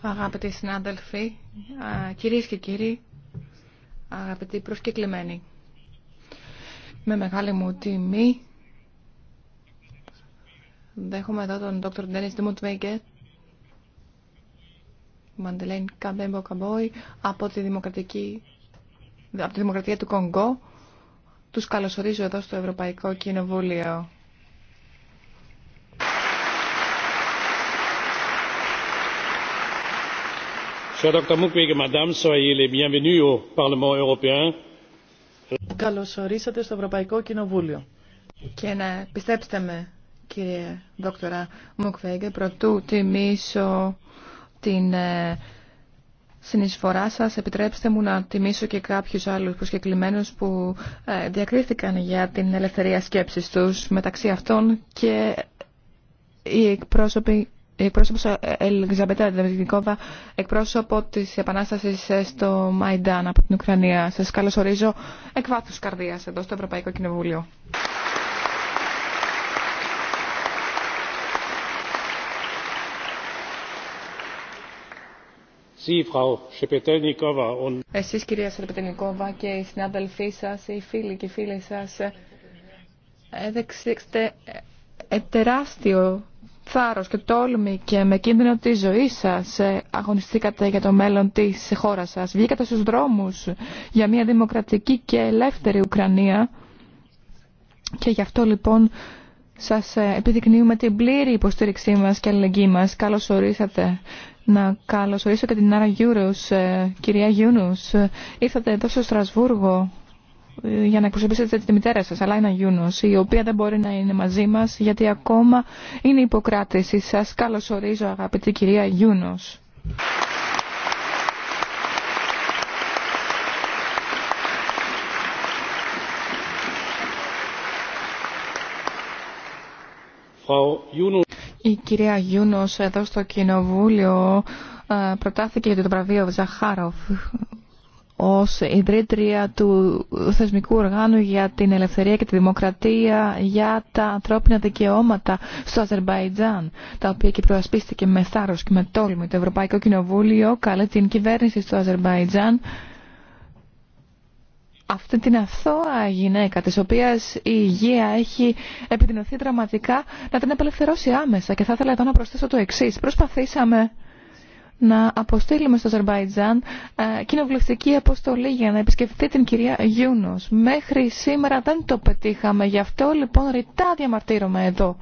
Αγαπητοί συνάδελφοι, κυρίες και κύριοι, αγαπητοί προσκεκλημένοι, με μεγάλη μου τιμή δέχομαι εδώ τον Dr. Ντένις Δημουτβέγκε, Μαντελέν Καμπέμπο Καμπόι, από τη, δημοκρατική, από τη Δημοκρατία του Κονγκό. Τους καλωσορίζω εδώ στο Ευρωπαϊκό Κοινοβούλιο. Cher Καλώς ορίσατε στο Ευρωπαϊκό Κοινοβούλιο. Και να πιστέψτε με, κύριε δόκτωρα Μουκβέγγε, προτού τιμήσω την ε, συνεισφορά σας. Επιτρέψτε μου να τιμήσω και κάποιους άλλους προσκεκλημένους που ε, διακρίθηκαν για την ελευθερία σκέψης τους, μεταξύ αυτών και οι εκπρόσωποι εκπρόσωπος πρόσωπος ε, Ελγζαμπέτα εκπρόσωπο της Επανάστασης ε, στο Μαϊντάν από την Ουκρανία. Σας καλωσορίζω εκ βάθους καρδίας εδώ στο Ευρωπαϊκό Κοινοβούλιο. Εσείς κυρία Σερπετενικόβα και οι συνάδελφοί σας, οι φίλοι και οι φίλοι σας έδεξτε ε, τεράστιο θάρρος και τόλμη και με κίνδυνο τη ζωή σας ε, αγωνιστήκατε για το μέλλον της χώρας σας. Βγήκατε στους δρόμους για μια δημοκρατική και ελεύθερη Ουκρανία και γι' αυτό λοιπόν σας ε, επιδεικνύουμε την πλήρη υποστήριξή μας και αλληλεγγύη μας. Καλώς ορίσατε. Να καλωσορίσω και την Άρα Γιούρους, ε, κυρία Γιούνους. Ήρθατε εδώ στο Στρασβούργο για να εκπροσωπήσετε τη μητέρα σας, αλλά είναι Γιούνος, η οποία δεν μπορεί να είναι μαζί μας, γιατί ακόμα είναι υποκράτηση σας. Καλώς ορίζω, αγαπητή κυρία Γιούνος. Η κυρία Γιούνος εδώ στο Κοινοβούλιο ε, προτάθηκε για το βραβείο Ζαχάροφ ως ιδρύτρια του θεσμικού οργάνου για την ελευθερία και τη δημοκρατία, για τα ανθρώπινα δικαιώματα στο Αζερμπαϊτζάν, τα οποία και προασπίστηκε με θάρρος και με τόλμη το Ευρωπαϊκό Κοινοβούλιο, καλέ την κυβέρνηση στο Αζερμπαϊτζάν αυτή την αθώα γυναίκα της οποίας η υγεία έχει επιδεινωθεί δραματικά να την απελευθερώσει άμεσα και θα ήθελα εδώ να προσθέσω το εξής. Προσπαθήσαμε να αποστείλουμε στο Αζερβαϊτζάν ε, κοινοβουλευτική αποστολή για να επισκεφτεί την κυρία Γιούνος. Μέχρι σήμερα δεν το πετύχαμε, γι' αυτό λοιπόν ρητά διαμαρτύρομαι εδώ.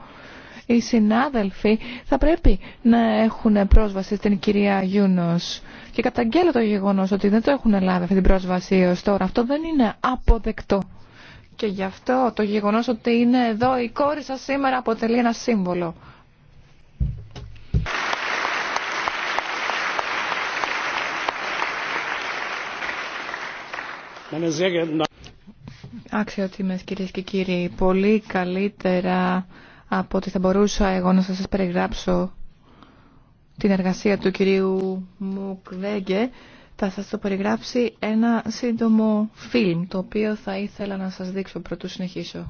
Οι συνάδελφοι θα πρέπει να έχουν πρόσβαση στην κυρία Γιούνος και καταγγέλλω το γεγονός ότι δεν το έχουν λάβει αυτή την πρόσβαση έως τώρα. Αυτό δεν είναι αποδεκτό. Και γι' αυτό το γεγονός ότι είναι εδώ η κόρη σας σήμερα αποτελεί ένα σύμβολο. Αξιότιμες κυρίες και κύριοι, πολύ καλύτερα από ότι θα μπορούσα εγώ να σας περιγράψω την εργασία του κυρίου Μουκβέγκε, θα σας το περιγράψει ένα σύντομο φιλμ, το οποίο θα ήθελα να σας δείξω πρωτού συνεχίσω.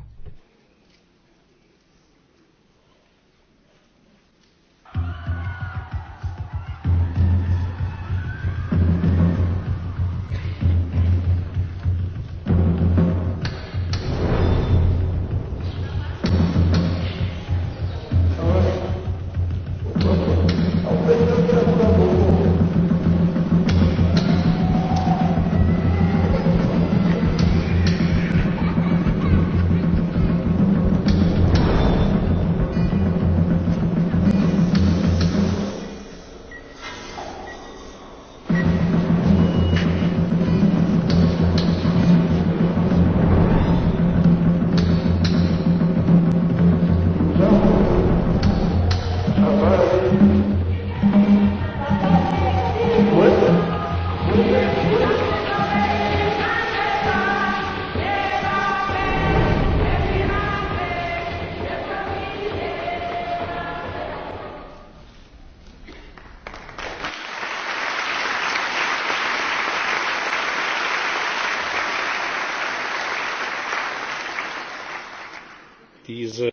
Uh,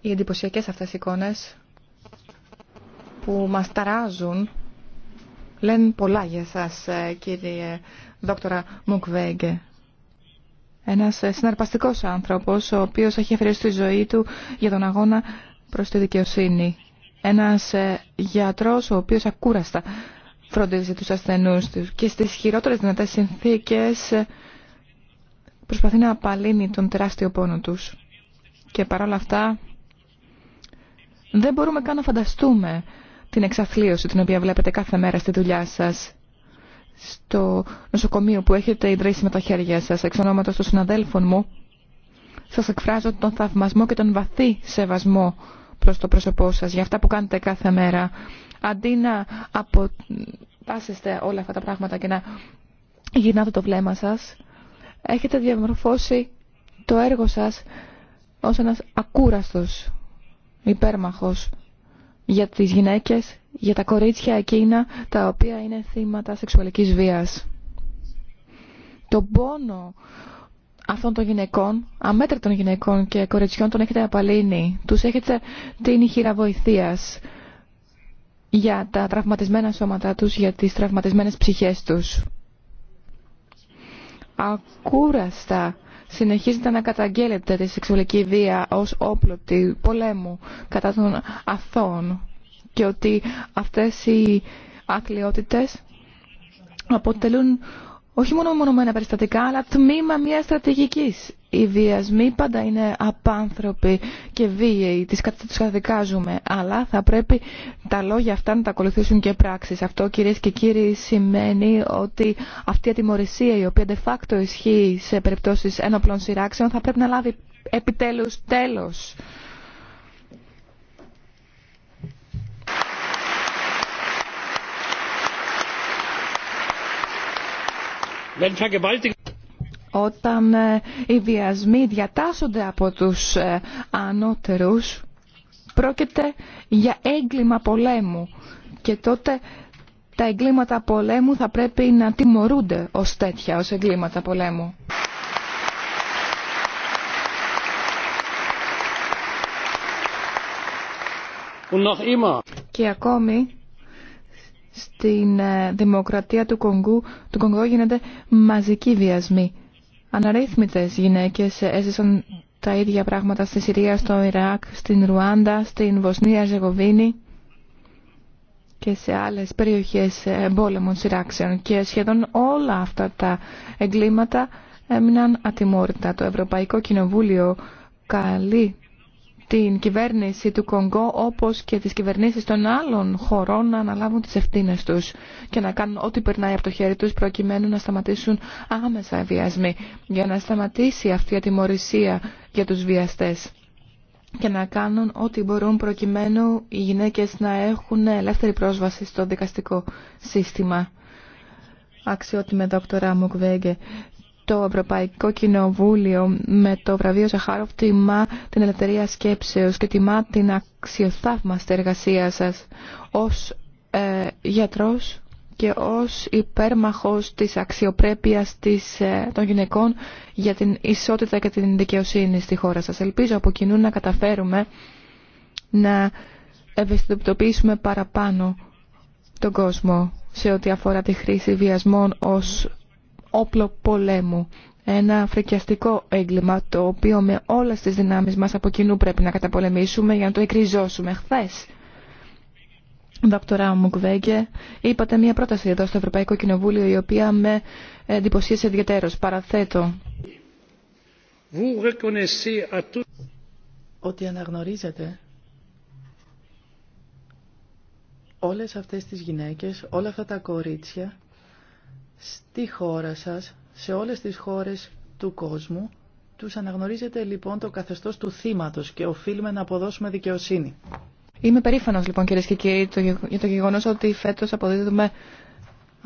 Οι εντυπωσιακέ αυτές εικόνες που μας ταράζουν λένε πολλά για σας ε, κύριε δόκτωρα Μουκβέγκε. Ένας ε, συναρπαστικός άνθρωπος ο οποίος έχει αφαιρέσει τη ζωή του για τον αγώνα προς τη δικαιοσύνη. Ένας ε, γιατρός ο οποίος ακούραστα φροντίζει τους ασθενούς του και στις χειρότερες δυνατές συνθήκες προσπαθεί να απαλύνει τον τεράστιο πόνο τους και παρόλα αυτά δεν μπορούμε καν να φανταστούμε την εξαθλίωση την οποία βλέπετε κάθε μέρα στη δουλειά σας στο νοσοκομείο που έχετε ιδρύσει με τα χέρια σας εξ ονόματος των συναδέλφων μου σας εκφράζω τον θαυμασμό και τον βαθύ σεβασμό προς το πρόσωπό σας για αυτά που κάνετε κάθε μέρα αντί να αποτάσσεστε όλα αυτά τα πράγματα και να γυρνάτε το βλέμμα σας έχετε διαμορφώσει το έργο σας ως ένας ακούραστος υπέρμαχος για τις γυναίκες, για τα κορίτσια εκείνα τα οποία είναι θύματα σεξουαλικής βίας. Το πόνο αυτών των γυναικών, αμέτρητων γυναικών και κοριτσιών τον έχετε απαλύνει. Τους έχετε την βοηθείας για τα τραυματισμένα σώματά τους, για τις τραυματισμένες ψυχές τους. Ακούραστα Συνεχίζεται να καταγγέλλεται τη σεξουαλική βία ως όπλο του πολέμου κατά των αθώων και ότι αυτές οι ακλειότητες αποτελούν όχι μόνο μονομένα περιστατικά, αλλά τμήμα μια στρατηγική. Οι βιασμοί πάντα είναι απάνθρωποι και βίαιοι, τις τους καταδικάζουμε, αλλά θα πρέπει τα λόγια αυτά να τα ακολουθήσουν και πράξεις. Αυτό κυρίες και κύριοι σημαίνει ότι αυτή η ατιμορρησία η οποία de facto ισχύει σε περιπτώσεις ένοπλων σειράξεων θα πρέπει να λάβει επιτέλους τέλος. Όταν ε, οι βιασμοί διατάσσονται από τους ε, ανώτερους, πρόκειται για έγκλημα πολέμου και τότε τα εγκλήματα πολέμου θα πρέπει να τιμωρούνται ως τέτοια, ως εγκλήματα πολέμου. Και ακόμη στην ε, δημοκρατία του Κονγκού, του Κονγκό γίνεται μαζική βιασμοί. Αναρρύθμιτες γυναίκες έζησαν τα ίδια πράγματα στη Συρία, στο Ιράκ, στην Ρουάντα, στην Βοσνία, Ζεγοβίνη και σε άλλες περιοχές εμπόλεμων σειράξεων. Και σχεδόν όλα αυτά τα εγκλήματα έμειναν ατιμόρυτα. Το Ευρωπαϊκό Κοινοβούλιο καλεί την κυβέρνηση του Κονγκό όπως και τις κυβερνήσεις των άλλων χωρών να αναλάβουν τις ευθύνες τους και να κάνουν ό,τι περνάει από το χέρι τους προκειμένου να σταματήσουν άμεσα οι βιασμοί για να σταματήσει αυτή η ατιμορρησία για τους βιαστές και να κάνουν ό,τι μπορούν προκειμένου οι γυναίκες να έχουν ελεύθερη πρόσβαση στο δικαστικό σύστημα. Αξιότιμε δόκτωρα Μουκβέγγε, το Ευρωπαϊκό Κοινοβούλιο με το βραβείο Σαχάροφ τιμά την ελευθερία σκέψεως και τιμά την αξιοθαύμαστη εργασία σας ως ε, γιατρός και ως υπέρμαχος της αξιοπρέπειας της, ε, των γυναικών για την ισότητα και την δικαιοσύνη στη χώρα σας. Ελπίζω από κοινού να καταφέρουμε να ευαισθητοποιήσουμε παραπάνω τον κόσμο σε ό,τι αφορά τη χρήση βιασμών ως όπλο πολέμου. Ένα φρικιαστικό έγκλημα το οποίο με όλες τις δυνάμεις μας από κοινού πρέπει να καταπολεμήσουμε για να το εκριζώσουμε. Χθε. Δόκτωρα Μουκβέγκε, είπατε μια πρόταση εδώ στο Ευρωπαϊκό Κοινοβούλιο η οποία με εντυπωσίασε ιδιαίτερως. Παραθέτω. Ότι αναγνωρίζετε όλες αυτές τις γυναίκες, όλα αυτά τα κορίτσια Στη χώρα σας, σε όλες τις χώρες του κόσμου, τους αναγνωρίζετε λοιπόν το καθεστώς του θύματος και οφείλουμε να αποδώσουμε δικαιοσύνη. Είμαι περήφανος λοιπόν κύριε και κύριοι για το γεγονός ότι φέτος αποδίδουμε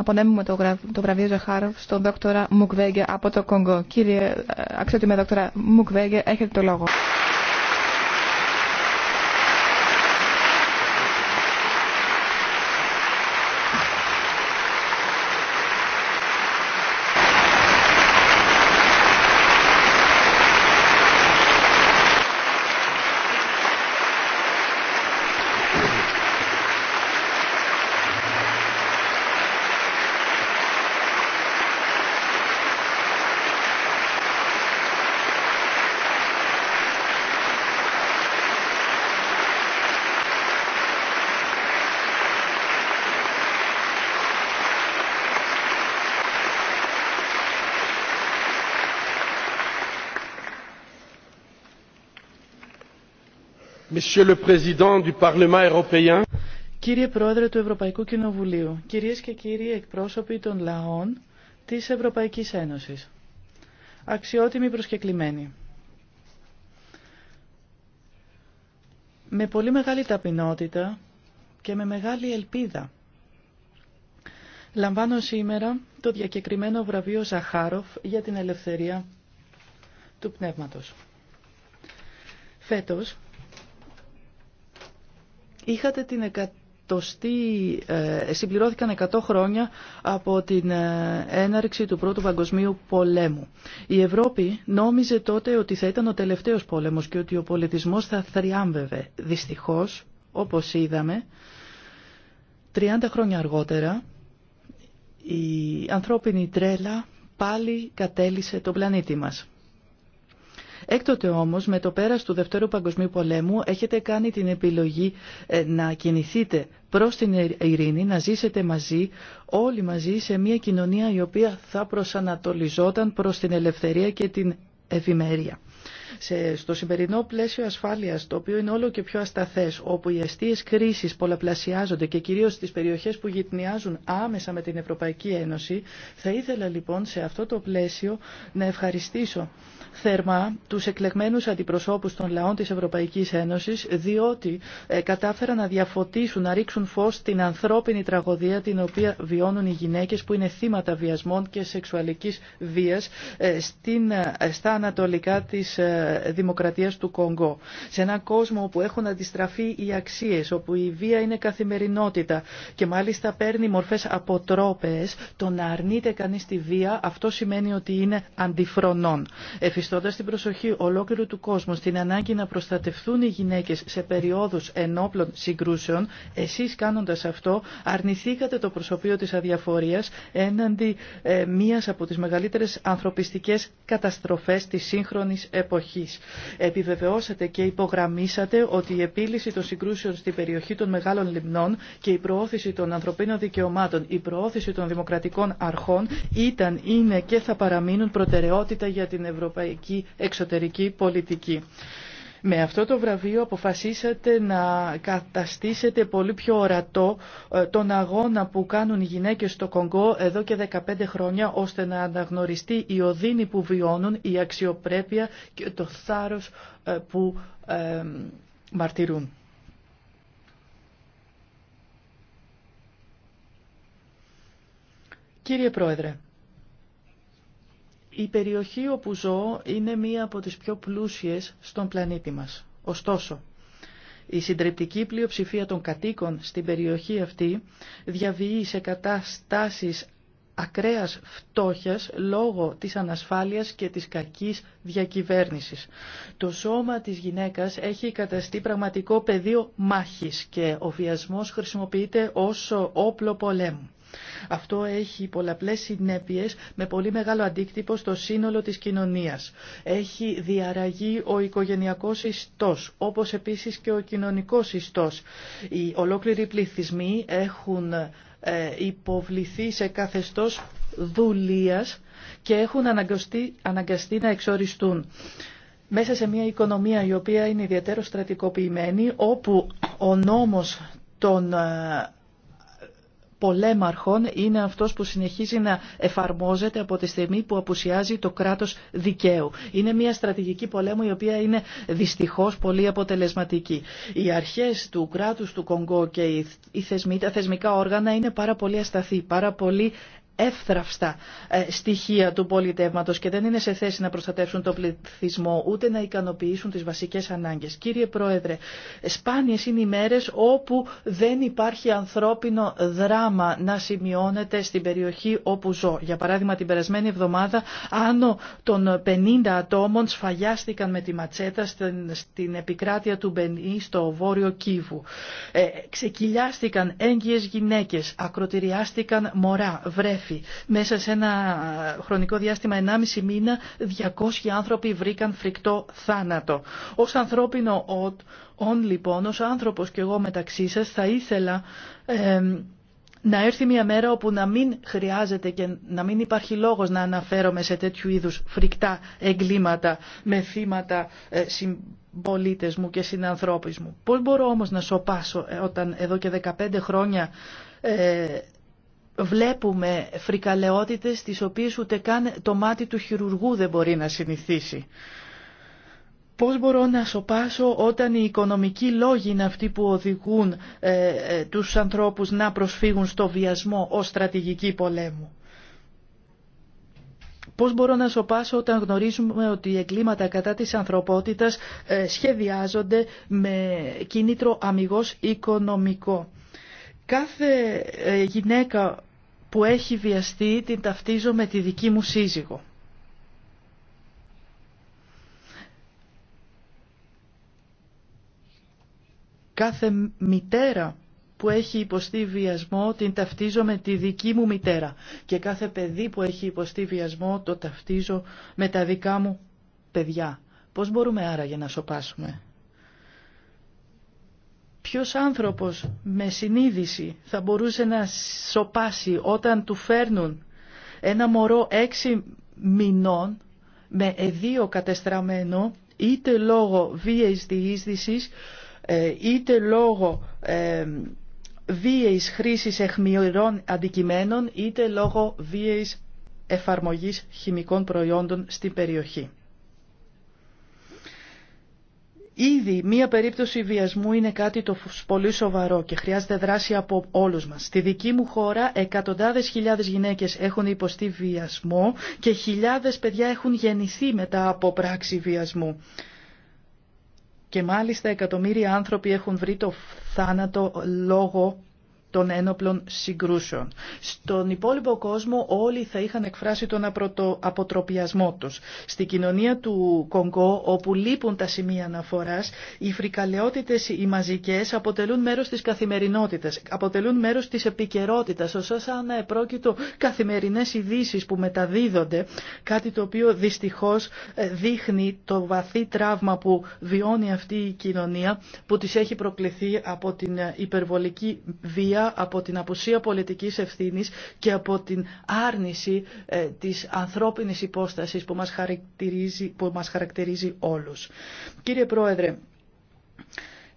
Απονέμουμε το, το βραβείο Ζαχάροφ στον δόκτωρα Μουκβέγγε από το Κονγκό. Κύριε ε, αξιότιμε δόκτωρα Μουκβέγγε, έχετε το λόγο. Κύριε Πρόεδρε του Ευρωπαϊκού Κοινοβουλίου, κυρίες και κύριοι εκπρόσωποι των λαών της Ευρωπαϊκής Ένωσης, αξιότιμοι προσκεκλημένοι. Με πολύ μεγάλη ταπεινότητα και με μεγάλη ελπίδα λαμβάνω σήμερα το διακεκριμένο βραβείο Ζαχάροφ για την ελευθερία του πνεύματος. Φέτος, Είχατε την εκατοστή, ε, συμπληρώθηκαν 100 χρόνια από την ε, έναρξη του Πρώτου Παγκοσμίου Πολέμου. Η Ευρώπη νόμιζε τότε ότι θα ήταν ο τελευταίος πόλεμος και ότι ο πολιτισμός θα θριάμβευε. Δυστυχώς, όπως είδαμε, 30 χρόνια αργότερα η ανθρώπινη τρέλα πάλι κατέλησε τον πλανήτη μας. Έκτοτε όμως με το πέρας του Δευτέρου Παγκοσμίου Πολέμου έχετε κάνει την επιλογή ε, να κινηθείτε προς την ειρήνη, να ζήσετε μαζί, όλοι μαζί σε μια κοινωνία η οποία θα προσανατολιζόταν προς την ελευθερία και την ευημερία στο σημερινό πλαίσιο ασφάλεια, το οποίο είναι όλο και πιο ασταθέ, όπου οι αιστείες κρίση πολλαπλασιάζονται και κυρίω στις περιοχέ που γυτνιάζουν άμεσα με την Ευρωπαϊκή Ένωση, θα ήθελα λοιπόν σε αυτό το πλαίσιο να ευχαριστήσω θερμά τους εκλεγμένους αντιπροσώπους των λαών της Ευρωπαϊκής Ένωσης, διότι ε, κατάφεραν να διαφωτίσουν, να ρίξουν φως στην ανθρώπινη τραγωδία την οποία βιώνουν οι γυναίκες που είναι θύματα βιασμών και σεξουαλικής βίας ε, στην, ε, στα ανατολικά της Δημοκρατίας του Κονγκό. Σε έναν κόσμο όπου έχουν αντιστραφεί οι αξίες, όπου η βία είναι καθημερινότητα και μάλιστα παίρνει μορφές αποτρόπες, το να αρνείται κανείς τη βία, αυτό σημαίνει ότι είναι αντιφρονών. Εφιστώντας την προσοχή ολόκληρου του κόσμου στην ανάγκη να προστατευτούν οι γυναίκες σε περιόδους ενόπλων συγκρούσεων, εσείς κάνοντας αυτό αρνηθήκατε το προσωπείο της αδιαφορίας έναντι ε, μίας από τις μεγαλύτερες ανθρωπιστικές καταστροφές της σύγχρονης εποχής. Επιβεβαιώσατε και υπογραμμίσατε ότι η επίλυση των συγκρούσεων στην περιοχή των μεγάλων λιμνών και η προώθηση των ανθρωπίνων δικαιωμάτων, η προώθηση των δημοκρατικών αρχών ήταν, είναι και θα παραμείνουν προτεραιότητα για την ευρωπαϊκή εξωτερική πολιτική. Με αυτό το βραβείο αποφασίσατε να καταστήσετε πολύ πιο ορατό ε, τον αγώνα που κάνουν οι γυναίκες στο Κονγκό εδώ και 15 χρόνια ώστε να αναγνωριστεί η οδύνη που βιώνουν, η αξιοπρέπεια και το θάρρος ε, που μαρτυρούν. Κύριε Πρόεδρε, η περιοχή όπου ζω είναι μία από τις πιο πλούσιες στον πλανήτη μας. Ωστόσο, η συντριπτική πλειοψηφία των κατοίκων στην περιοχή αυτή διαβιεί σε καταστάσεις ακραίας φτώχειας λόγω της ανασφάλειας και της κακής διακυβέρνησης. Το σώμα της γυναίκας έχει καταστεί πραγματικό πεδίο μάχης και ο βιασμός χρησιμοποιείται ως όπλο πολέμου. Αυτό έχει πολλαπλές συνέπειες με πολύ μεγάλο αντίκτυπο στο σύνολο της κοινωνίας. Έχει διαραγεί ο οικογενειακός ιστός, όπως επίσης και ο κοινωνικός ιστός. Οι ολόκληροι πληθυσμοί έχουν ε, υποβληθεί σε καθεστώς δουλείας και έχουν αναγκαστεί, να εξοριστούν. Μέσα σε μια οικονομία η οποία είναι ιδιαίτερο στρατικοποιημένη, όπου ο νόμος των ε, πολέμαρχων είναι αυτός που συνεχίζει να εφαρμόζεται από τη στιγμή που απουσιάζει το κράτος δικαίου. Είναι μια στρατηγική πολέμου η οποία είναι δυστυχώς πολύ αποτελεσματική. Οι αρχές του κράτους του Κονγκό και οι θεσμοί, τα θεσμικά όργανα είναι πάρα πολύ ασταθή, πάρα πολύ εύθραυστα ε, στοιχεία του πολιτεύματο και δεν είναι σε θέση να προστατεύσουν τον πληθυσμό ούτε να ικανοποιήσουν τι βασικέ ανάγκε. Κύριε Πρόεδρε, σπάνιε είναι οι μέρε όπου δεν υπάρχει ανθρώπινο δράμα να σημειώνεται στην περιοχή όπου ζω. Για παράδειγμα, την περασμένη εβδομάδα άνω των 50 ατόμων σφαγιάστηκαν με τη ματσέτα στην, επικράτεια του Μπενή στο βόρειο Κίβου. Ε, ξεκυλιάστηκαν έγκυε γυναίκε, ακροτηριάστηκαν μωρά, βρέφη μέσα σε ένα χρονικό διάστημα 1,5 μήνα 200 άνθρωποι βρήκαν φρικτό θάνατο. Ως ανθρώπινο όν λοιπόν, ως άνθρωπος και εγώ μεταξύ σας θα ήθελα... να έρθει μια μέρα όπου να μην χρειάζεται και να μην υπάρχει λόγος να αναφέρομαι σε τέτοιου είδους φρικτά εγκλήματα με θύματα ε, συμπολίτε μου και συνανθρώπους μου. Πώς μπορώ όμως να σοπάσω ε, όταν εδώ και 15 χρόνια ε, βλέπουμε φρικαλαιότητες τις οποίες ούτε καν το μάτι του χειρουργού δεν μπορεί να συνηθίσει. Πώς μπορώ να σοπάσω όταν οι οικονομικοί λόγοι είναι αυτοί που οδηγούν ε, ε, τους ανθρώπους να προσφύγουν στο βιασμό ως στρατηγική πολέμου. Πώς μπορώ να σοπάσω όταν γνωρίζουμε ότι οι εγκλήματα κατά της ανθρωπότητας ε, σχεδιάζονται με κίνητρο αμυγός οικονομικό. Κάθε ε, γυναίκα που έχει βιαστεί την ταυτίζω με τη δική μου σύζυγο. Κάθε μητέρα που έχει υποστεί βιασμό την ταυτίζω με τη δική μου μητέρα και κάθε παιδί που έχει υποστεί βιασμό το ταυτίζω με τα δικά μου παιδιά. Πώς μπορούμε άραγε να σοπάσουμε. Ποιος άνθρωπος με συνείδηση θα μπορούσε να σοπάσει όταν του φέρνουν ένα μωρό έξι μηνών με εδίο κατεστραμμένο είτε λόγω βίαιης διείσδησης, ε, είτε λόγω ε, βίαιης χρήσης εχμηρών αντικειμένων είτε λόγω βίαιης εφαρμογής χημικών προϊόντων στην περιοχή. Ήδη μία περίπτωση βιασμού είναι κάτι το πολύ σοβαρό και χρειάζεται δράση από όλους μας. Στη δική μου χώρα εκατοντάδες χιλιάδες γυναίκες έχουν υποστεί βιασμό και χιλιάδες παιδιά έχουν γεννηθεί μετά από πράξη βιασμού. Και μάλιστα εκατομμύρια άνθρωποι έχουν βρει το θάνατο λόγω των ένοπλων συγκρούσεων. Στον υπόλοιπο κόσμο όλοι θα είχαν εκφράσει τον αποτροπιασμό τους. Στη κοινωνία του Κονγκό, όπου λείπουν τα σημεία αναφοράς, οι φρικαλαιότητες οι μαζικές αποτελούν μέρος της καθημερινότητας, αποτελούν μέρος της επικαιρότητα, όσο σαν επρόκειτο καθημερινές ειδήσει που μεταδίδονται, κάτι το οποίο δυστυχώς ε, δείχνει το βαθύ τραύμα που βιώνει αυτή η κοινωνία, που της έχει προκληθεί από την ε, υπερβολική βία από την απουσία πολιτικής ευθύνης και από την άρνηση ε, της ανθρώπινης υπόστασης που μας χαρακτηρίζει, που μας χαρακτηρίζει όλους. Κύριε Πρόεδρε,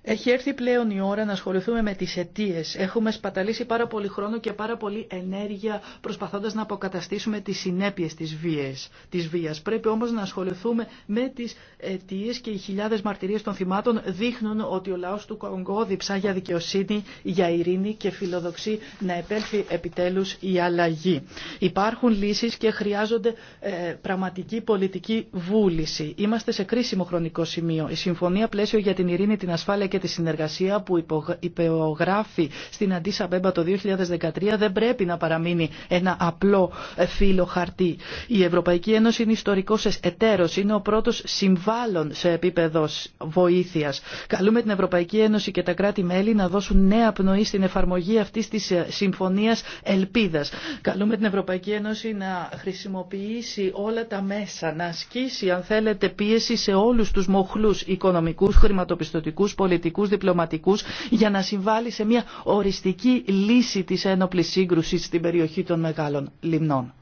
έχει έρθει πλέον η ώρα να ασχοληθούμε με τις αιτίε. Έχουμε σπαταλήσει πάρα πολύ χρόνο και πάρα πολύ ενέργεια προσπαθώντας να αποκαταστήσουμε τις συνέπειες της, βίας. της βίας. Πρέπει όμως να ασχοληθούμε με τις αιτίε και οι χιλιάδες μαρτυρίες των θυμάτων δείχνουν ότι ο λαός του Κονγκό διψά για δικαιοσύνη, για ειρήνη και φιλοδοξεί να επέλθει επιτέλους η αλλαγή. Υπάρχουν λύσεις και χρειάζονται ε, πραγματική πολιτική βούληση. Είμαστε σε κρίσιμο χρονικό σημείο. Η Συμφωνία Πλαίσιο για την Ειρήνη, την Ασφάλεια και τη συνεργασία που υπογράφει στην Αντίσα Μπέμπα το 2013 δεν πρέπει να παραμείνει ένα απλό ε, φύλλο χαρτί. Η Ευρωπαϊκή Ένωση είναι ιστορικός εταίρος, είναι ο πρώτος συμβάλλον σε επίπεδο βοήθειας. Καλούμε την Ευρωπαϊκή Ένωση και τα κράτη-μέλη να δώσουν νέα πνοή στην εφαρμογή αυτής της ε, συμφωνίας ελπίδας. Καλούμε την Ευρωπαϊκή Ένωση να χρησιμοποιήσει όλα τα μέσα, να ασκήσει αν θέλετε πίεση σε όλους τους μοχλου οικονομικούς, χρηματοπιστωτικούς, πολιτικού πολιτικούς διπλωματικούς για να συμβάλλει σε μια οριστική λύση της ένοπλης σύγκρουσης στην περιοχή των μεγάλων λιμνών.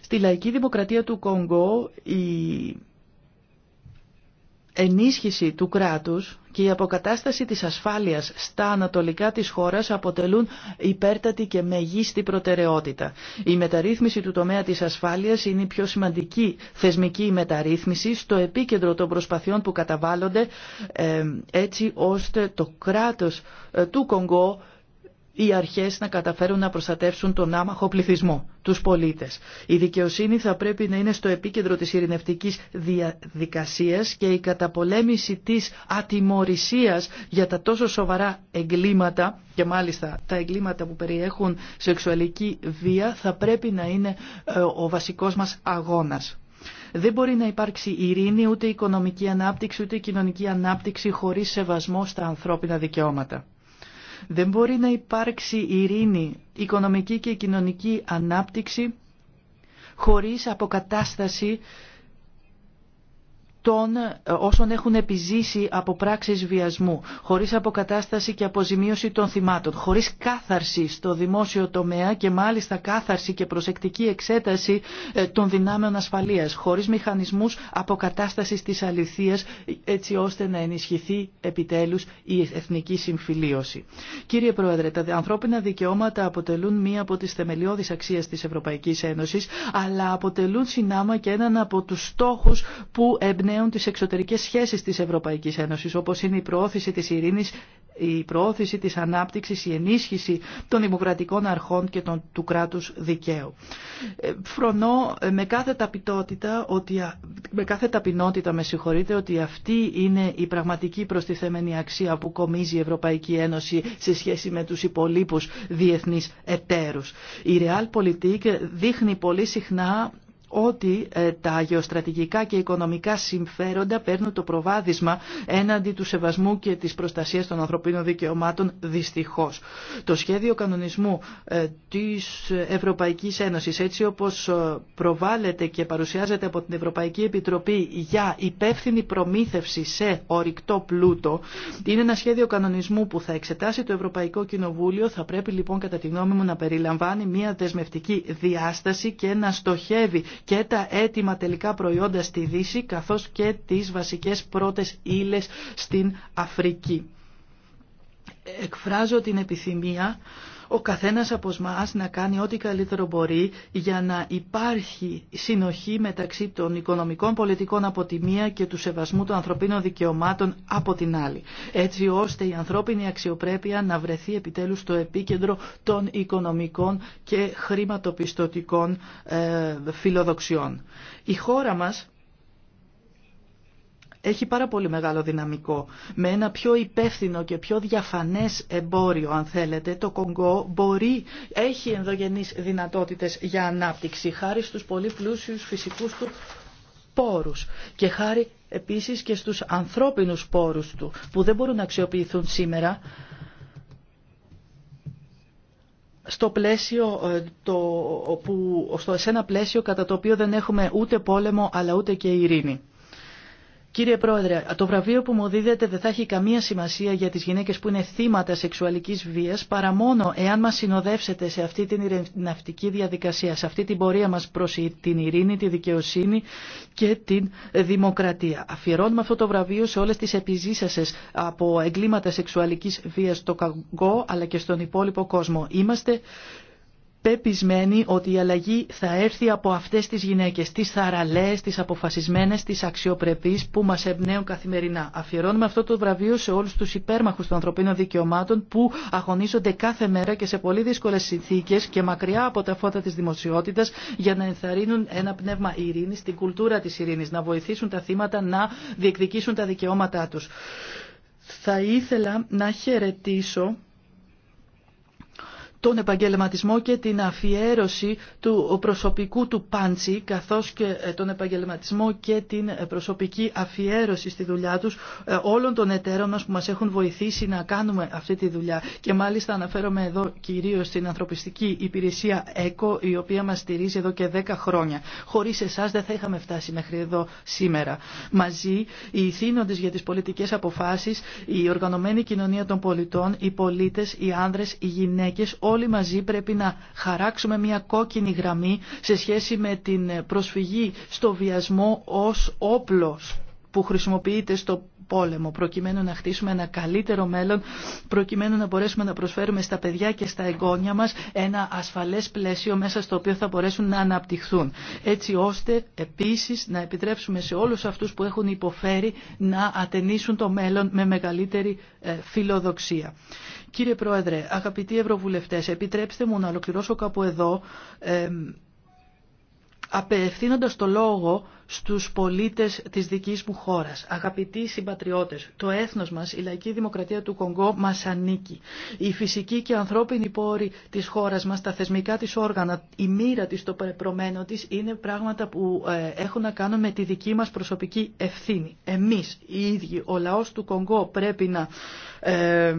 Στη λαϊκή δημοκρατία του Κονγκό η ενίσχυση του κράτους και η αποκατάσταση της ασφάλειας στα ανατολικά της χώρας αποτελούν υπέρτατη και μεγίστη προτεραιότητα. Η μεταρρύθμιση του τομέα της ασφάλειας είναι η πιο σημαντική θεσμική μεταρρύθμιση στο επίκεντρο των προσπαθειών που καταβάλλονται ε, έτσι ώστε το κράτος ε, του Κονγκό οι αρχές να καταφέρουν να προστατεύσουν τον άμαχο πληθυσμό, τους πολίτες. Η δικαιοσύνη θα πρέπει να είναι στο επίκεντρο της ειρηνευτικής διαδικασίας και η καταπολέμηση της ατιμορρησίας για τα τόσο σοβαρά εγκλήματα και μάλιστα τα εγκλήματα που περιέχουν σεξουαλική βία θα πρέπει να είναι ε, ο βασικός μας αγώνας. Δεν μπορεί να υπάρξει ειρήνη ούτε οικονομική ανάπτυξη ούτε κοινωνική ανάπτυξη χωρίς σεβασμό στα ανθρώπινα δικαιώματα. Δεν μπορεί να υπάρξει ειρήνη, οικονομική και κοινωνική ανάπτυξη χωρίς αποκατάσταση των ε, όσων έχουν επιζήσει από πράξεις βιασμού, χωρίς αποκατάσταση και αποζημίωση των θυμάτων, χωρίς κάθαρση στο δημόσιο τομέα και μάλιστα κάθαρση και προσεκτική εξέταση ε, των δυνάμεων ασφαλείας, χωρίς μηχανισμούς αποκατάστασης της αληθείας έτσι ώστε να ενισχυθεί επιτέλους η εθνική συμφιλίωση. Κύριε Πρόεδρε, τα ανθρώπινα δικαιώματα αποτελούν μία από τις θεμελιώδεις αξίες της Ευρωπαϊκής Ένωσης, αλλά αποτελούν συνάμα και έναν από τους στόχους που εμπνέουν τις εξωτερικές σχέσεις της Ευρωπαϊκής Ένωσης, όπως είναι η προώθηση της ειρήνης, η προώθηση της ανάπτυξης, η ενίσχυση των δημοκρατικών αρχών και των, του κράτους δικαίου. Ε, φρονώ ε, με κάθε ταπεινότητα ότι, με κάθε ταπεινότητα, με συγχωρείτε, ότι αυτή είναι η πραγματική προστιθέμενη αξία που κομίζει η Ευρωπαϊκή Ένωση σε σχέση με τους υπολείπους διεθνείς εταίρους. Η Realpolitik δείχνει πολύ συχνά ότι ε, τα γεωστρατηγικά και οικονομικά συμφέροντα παίρνουν το προβάδισμα έναντι του σεβασμού και της προστασίας των ανθρωπίνων δικαιωμάτων δυστυχώς. Το σχέδιο κανονισμού ε, της Ευρωπαϊκής Ένωσης έτσι όπως ε, προβάλλεται και παρουσιάζεται από την Ευρωπαϊκή Επιτροπή για υπεύθυνη προμήθευση σε ορυκτό πλούτο είναι ένα σχέδιο κανονισμού που θα εξετάσει το Ευρωπαϊκό Κοινοβούλιο θα πρέπει λοιπόν κατά τη γνώμη μου να περιλαμβάνει μια δεσμευτική διάσταση και να στοχεύει και τα έτοιμα τελικά προϊόντα στη Δύση καθώς και τις βασικές πρώτες ύλες στην Αφρική. Εκφράζω την επιθυμία ο καθένας από εμάς να κάνει ό,τι καλύτερο μπορεί για να υπάρχει συνοχή μεταξύ των οικονομικών πολιτικών από τη μία και του σεβασμού των ανθρωπίνων δικαιωμάτων από την άλλη. Έτσι ώστε η ανθρώπινη αξιοπρέπεια να βρεθεί επιτέλους στο επίκεντρο των οικονομικών και χρηματοπιστωτικών ε, φιλοδοξιών. Η χώρα μας έχει πάρα πολύ μεγάλο δυναμικό. Με ένα πιο υπεύθυνο και πιο διαφανές εμπόριο, αν θέλετε, το Κονγκό μπορεί, έχει ενδογενείς δυνατότητες για ανάπτυξη, χάρη στους πολύ πλούσιους φυσικούς του πόρους και χάρη επίσης και στους ανθρώπινους πόρους του, που δεν μπορούν να αξιοποιηθούν σήμερα, στο πλαίσιο ε, το, που, στο, σε ένα πλαίσιο κατά το οποίο δεν έχουμε ούτε πόλεμο αλλά ούτε και ειρήνη. Κύριε Πρόεδρε, το βραβείο που μου δίδεται δεν θα έχει καμία σημασία για τις γυναίκες που είναι θύματα σεξουαλικής βίας παρά μόνο εάν μας συνοδεύσετε σε αυτή την ειρηνευτική διαδικασία, σε αυτή την πορεία μας προς την ειρήνη, τη δικαιοσύνη και την δημοκρατία. Αφιερώνουμε αυτό το βραβείο σε όλες τις επιζήσασες από εγκλήματα σεξουαλικής βίας στο Καγκό αλλά και στον υπόλοιπο κόσμο. Είμαστε πεπισμένη ότι η αλλαγή θα έρθει από αυτές τις γυναίκες, τις θαραλέες, τις αποφασισμένες, τις αξιοπρεπείς που μας εμπνέουν καθημερινά. Αφιερώνουμε αυτό το βραβείο σε όλους τους υπέρμαχους των ανθρωπίνων δικαιωμάτων που αγωνίζονται κάθε μέρα και σε πολύ δύσκολες συνθήκες και μακριά από τα φώτα της δημοσιότητας για να ενθαρρύνουν ένα πνεύμα ειρήνης, την κουλτούρα της ειρήνης, να βοηθήσουν τα θύματα να διεκδικήσουν τα δικαιώματά τους. Θα ήθελα να χαιρετήσω τον επαγγελματισμό και την αφιέρωση του προσωπικού του πάντσι... καθώς και ε, τον επαγγελματισμό και την ε, προσωπική αφιέρωση στη δουλειά τους ε, όλων των εταίρων μας που μας έχουν βοηθήσει να κάνουμε αυτή τη δουλειά. Και μάλιστα αναφέρομαι εδώ κυρίως στην ανθρωπιστική υπηρεσία ΕΚΟ, η οποία μας στηρίζει εδώ και 10 χρόνια. Χωρίς εσάς δεν θα είχαμε φτάσει μέχρι εδώ σήμερα. Μαζί, οι ηθήνοντες για τις πολιτικές αποφάσεις, η οργανωμένη κοινωνία των πολιτών, οι πολίτες, οι άνδρες, οι γυναίκες, όλοι μαζί πρέπει να χαράξουμε μια κόκκινη γραμμή σε σχέση με την προσφυγή στο βιασμό ως όπλος που χρησιμοποιείται στο πόλεμο, προκειμένου να χτίσουμε ένα καλύτερο μέλλον, προκειμένου να μπορέσουμε να προσφέρουμε στα παιδιά και στα εγγόνια μας ένα ασφαλές πλαίσιο μέσα στο οποίο θα μπορέσουν να αναπτυχθούν. Έτσι ώστε επίσης να επιτρέψουμε σε όλους αυτούς που έχουν υποφέρει να ατενίσουν το μέλλον με μεγαλύτερη ε, φιλοδοξία. Κύριε Πρόεδρε, αγαπητοί ευρωβουλευτέ, επιτρέψτε μου να ολοκληρώσω κάπου εδώ ε, απευθύνοντας το λόγο στους πολίτες της δικής μου χώρας. Αγαπητοί συμπατριώτες, το έθνος μας, η λαϊκή δημοκρατία του Κονγκό μας ανήκει. Η φυσική και ανθρώπινη πόρη της χώρας μας, τα θεσμικά της όργανα, η μοίρα της, το προμένο της, είναι πράγματα που ε, έχουν να κάνουν με τη δική μας προσωπική ευθύνη. Εμείς οι ίδιοι, ο λαός του Κονγκό πρέπει να... Ε,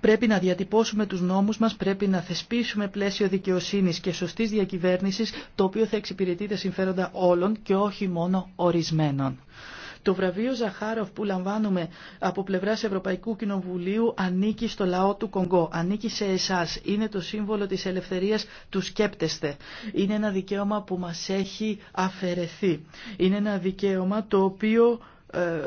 πρέπει να διατυπώσουμε τους νόμους μας, πρέπει να θεσπίσουμε πλαίσιο δικαιοσύνης και σωστής διακυβέρνησης, το οποίο θα εξυπηρετεί τα συμφέροντα όλων και όχι μόνο ορισμένων. Το βραβείο Ζαχάροφ που λαμβάνουμε από πλευρά Ευρωπαϊκού Κοινοβουλίου ανήκει στο λαό του Κονγκό, ανήκει σε εσά. Είναι το σύμβολο τη ελευθερία του σκέπτεστε. Είναι ένα δικαίωμα που μα έχει αφαιρεθεί. Είναι ένα δικαίωμα το οποίο ε,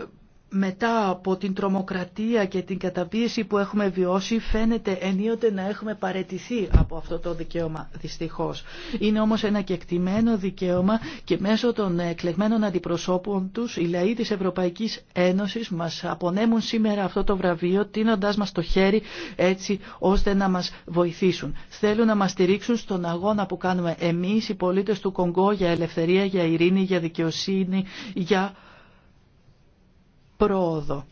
μετά από την τρομοκρατία και την καταπίεση που έχουμε βιώσει φαίνεται ενίοτε να έχουμε παρετηθεί από αυτό το δικαίωμα δυστυχώς. Είναι όμως ένα κεκτημένο δικαίωμα και μέσω των εκλεγμένων αντιπροσώπων τους οι λαοί της Ευρωπαϊκής Ένωσης μας απονέμουν σήμερα αυτό το βραβείο τίνοντάς μας το χέρι έτσι ώστε να μας βοηθήσουν. Θέλουν να μας στηρίξουν στον αγώνα που κάνουμε εμείς οι πολίτες του Κονγκό για ελευθερία, για ειρήνη, για δικαιοσύνη, για πρόοδο.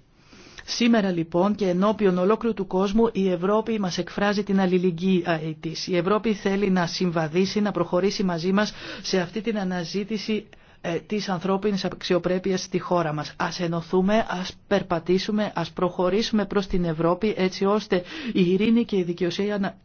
Σήμερα λοιπόν και ενώπιον ολόκληρου του κόσμου η Ευρώπη μας εκφράζει την αλληλεγγύη ε, της. Η Ευρώπη θέλει να συμβαδίσει, να προχωρήσει μαζί μας σε αυτή την αναζήτηση ε, της ανθρώπινης αξιοπρέπειας στη χώρα μας. Ας ενωθούμε, ας περπατήσουμε, ας προχωρήσουμε προς την Ευρώπη έτσι ώστε η ειρήνη και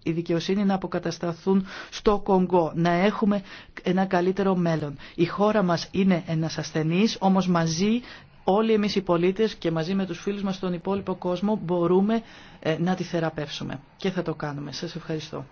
η δικαιοσύνη, να αποκατασταθούν στο Κονγκό, να έχουμε ένα καλύτερο μέλλον. Η χώρα μας είναι ένας ασθενής, όμως μαζί όλοι εμείς οι πολίτες και μαζί με τους φίλους μας στον υπόλοιπο κόσμο μπορούμε ε, να τη θεραπεύσουμε. Και θα το κάνουμε. Σας ευχαριστώ.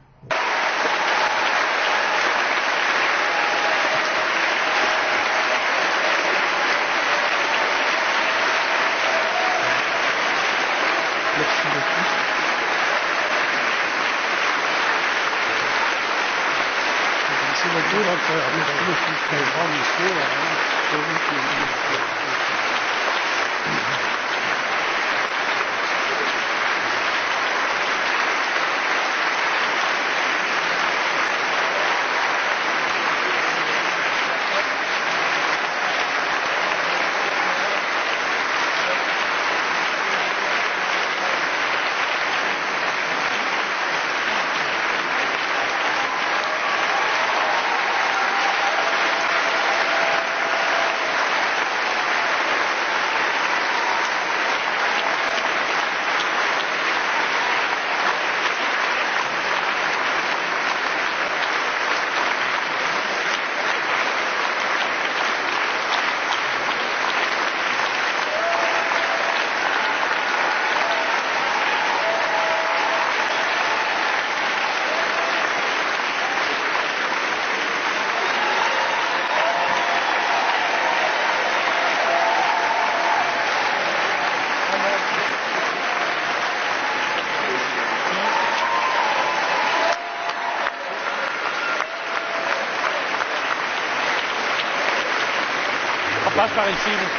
Ευχαριστώ.